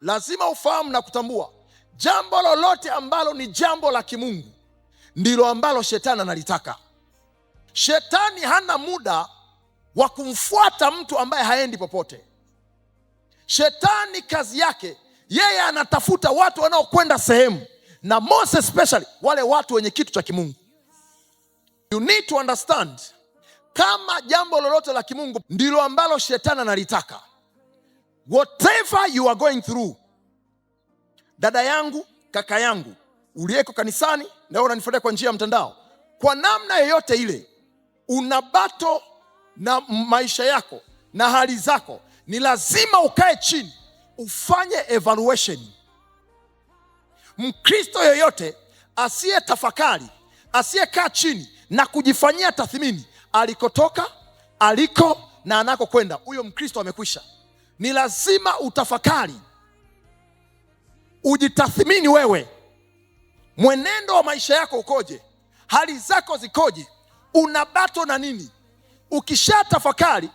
Lazima ufahamu na kutambua jambo lolote ambalo ni jambo la kimungu ndilo ambalo shetani analitaka. Shetani hana muda wa kumfuata mtu ambaye haendi popote. Shetani kazi yake yeye anatafuta watu wanaokwenda sehemu, na most especially wale watu wenye kitu cha kimungu. You need to understand kama jambo lolote la kimungu ndilo ambalo shetani analitaka whatever you are going through, dada yangu, kaka yangu uliyeko kanisani na unanifuatia kwa njia ya mtandao, kwa namna yoyote ile, una bato na maisha yako na hali zako, ni lazima ukae chini ufanye evaluation. Mkristo yeyote asiye tafakari, asiyekaa chini na kujifanyia tathmini alikotoka, aliko na anakokwenda, huyo Mkristo amekwisha ni lazima utafakari, ujitathmini wewe, mwenendo wa maisha yako ukoje, hali zako zikoje, una bato na nini. Ukisha tafakari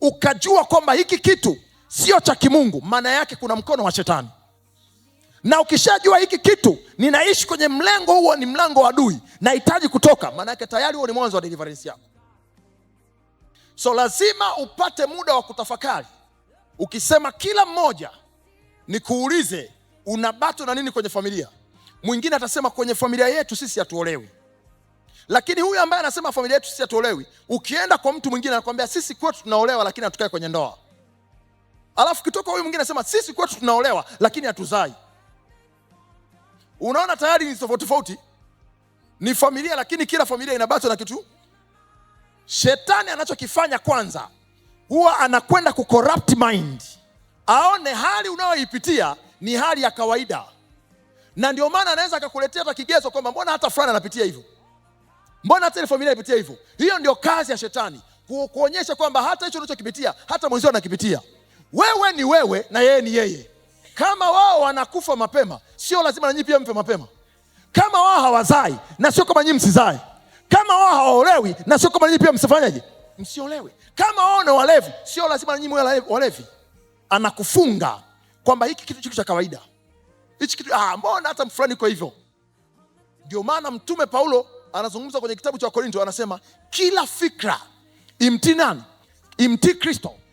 ukajua kwamba hiki kitu sio cha kimungu, maana yake kuna mkono wa shetani na ukishajua hiki kitu, ninaishi kwenye mlengo huo, ni mlango wa adui, nahitaji kutoka, maana yake tayari huo ni mwanzo wa deliverance yako. So lazima upate muda wa kutafakari Ukisema kila mmoja nikuulize, una bato na nini kwenye familia? Mwingine atasema kwenye familia yetu sisi hatuolewi, lakini huyu ambaye anasema familia yetu sisi hatuolewi, ukienda kwa mtu mwingine anakuambia sisi kwetu tunaolewa, lakini hatukae kwenye ndoa. Alafu kitoka huyu mwingine anasema sisi kwetu tunaolewa, lakini hatuzai. Unaona, tayari ni tofauti tofauti, ni familia, lakini kila familia ina bato na kitu. Shetani anachokifanya kwanza huwa anakwenda kucorrupt mind, aone hali unayoipitia ni hali ya kawaida, na ndio maana anaweza akakuletea hata kigezo kwamba mbona hata fulani anapitia hivyo, mbona hata ile familia inapitia hivyo. Hiyo ndio kazi ya shetani, kuonyesha kwamba hata hicho unachokipitia hata mwenzio anakipitia. Wewe ni wewe na yeye ni yeye. Kama wao wanakufa mapema, sio lazima na nyinyi pia mpe mapema. Kama wao hawazai na sio kama nyinyi msizae. Kama wao hawaolewi na sio kama nyinyi pia msifanyaje msiolewe. Kama one walevi, sio lazima nyinyi mwe walevi. Anakufunga kwamba hiki kitu cha kawaida hichi kitu, ah, mbona hata mfulani kwa hivyo. Ndio maana Mtume Paulo anazungumza kwenye kitabu cha Wakorinto, anasema kila fikra imtii nani? Imtii Kristo.